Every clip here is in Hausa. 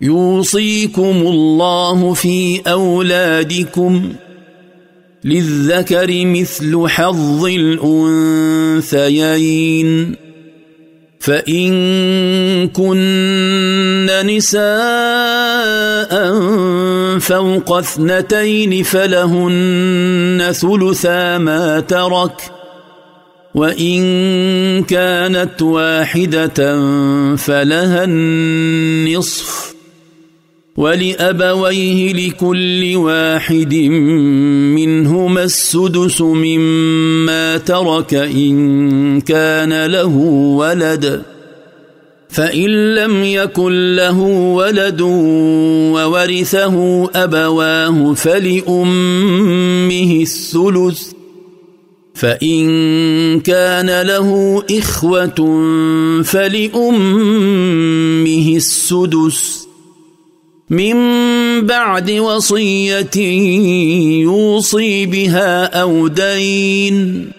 يوصيكم الله في اولادكم للذكر مثل حظ الانثيين فان كن نساء فوق اثنتين فلهن ثلثا ما ترك وان كانت واحده فلها النصف ولابويه لكل واحد منهما السدس مما ترك ان كان له ولد فان لم يكن له ولد وورثه ابواه فلامه الثلث فان كان له اخوه فلامه السدس من بعد وصيه يوصي بها او دين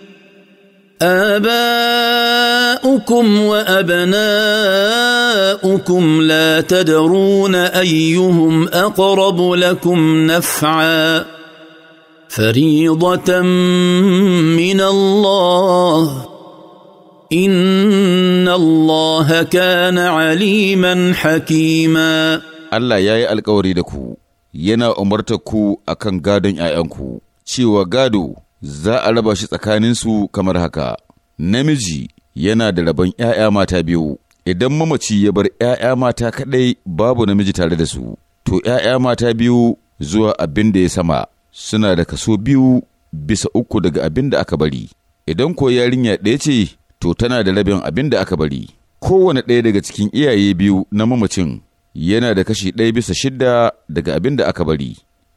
اباؤكم وابناؤكم لا تدرون ايهم اقرب لكم نفعا فريضه من الله ان الله كان عليما حكيما Allah ya yi alkawari da ku, yana umartar ku a kan gadon ‘ya'yanku, cewa gado za a raba shi tsakaninsu kamar haka, namiji yana da rabon ‘ya'ya mata biyu, idan mamaci ya bar ‘ya'ya mata kaɗai babu namiji tare da su, to ‘ya'ya mata biyu zuwa abin da ya sama suna da kaso biyu bisa uku daga abin da aka bari, idan ko yarinya ɗaya ce, to tana da rabin abin da aka bari. Kowane ɗaya daga cikin iyaye biyu na mamacin yana da kashi ɗaya bisa shidda daga abin da aka bari.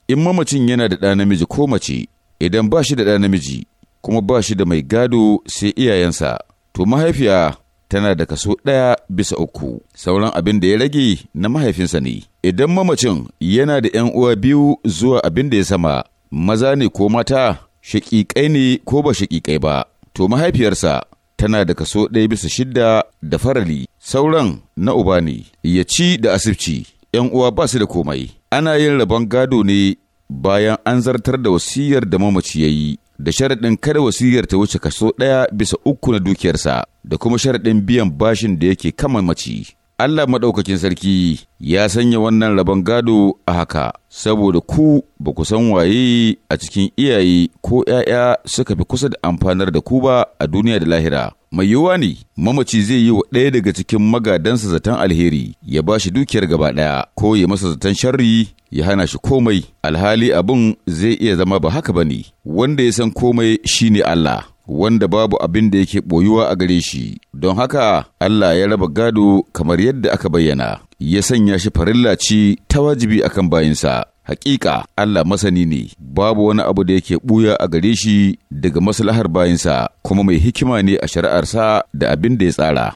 In mamacin yana da ɗa namiji ko mace, idan ba shi da ɗa namiji, kuma ba shi da mai gado sai iyayensa, to mahaifiya tana da kaso ɗaya bisa uku, sauran abin da ya rage na mahaifinsa ne. Idan mamacin yana da ‘yan uwa biyu zuwa abin da ya sama, maza ne ko mata, shaƙiƙai ne ko ba shaƙiƙai ba, to mahaifiyarsa tana da kaso ɗaya bisa shidda da farali sauran na uba ne ya ci da asibci ‘yan uwa ba su da komai ana yin rabon gado ne bayan an zartar da wasiyar da mamaci ya yi da sharaɗin kada wasiyar ta wuce kaso ɗaya bisa uku na dukiyarsa da kuma sharaɗin biyan bashin da yake kama mace Allah maɗaukakin sarki ya sanya wannan rabon gado a haka, saboda ku ba ku san waye a cikin iyaye ko ‘ya'ya suka fi kusa da amfanar da ku ba a duniya da lahira. Mai yiwuwa ne, mamaci zai yi wa ɗaya daga cikin magadansa zaton alheri, ya ba shi dukiyar gaba ɗaya, ko ya masa zaton sharri ya hana shi komai, alhali abin zai iya zama ba haka ba ne, wanda ya san komai ne Allah. wanda babu abin da yake ɓoyuwa a gare shi, don haka Allah ya raba gado kamar yadda aka bayyana, ya sanya shi farilla ci ta wajibi akan bayinsa. Hakika Allah masani ne, babu wani abu da yake ɓuya a gare shi daga maslahar bayinsa, kuma mai hikima ne a shari'arsa da abin da ya tsara.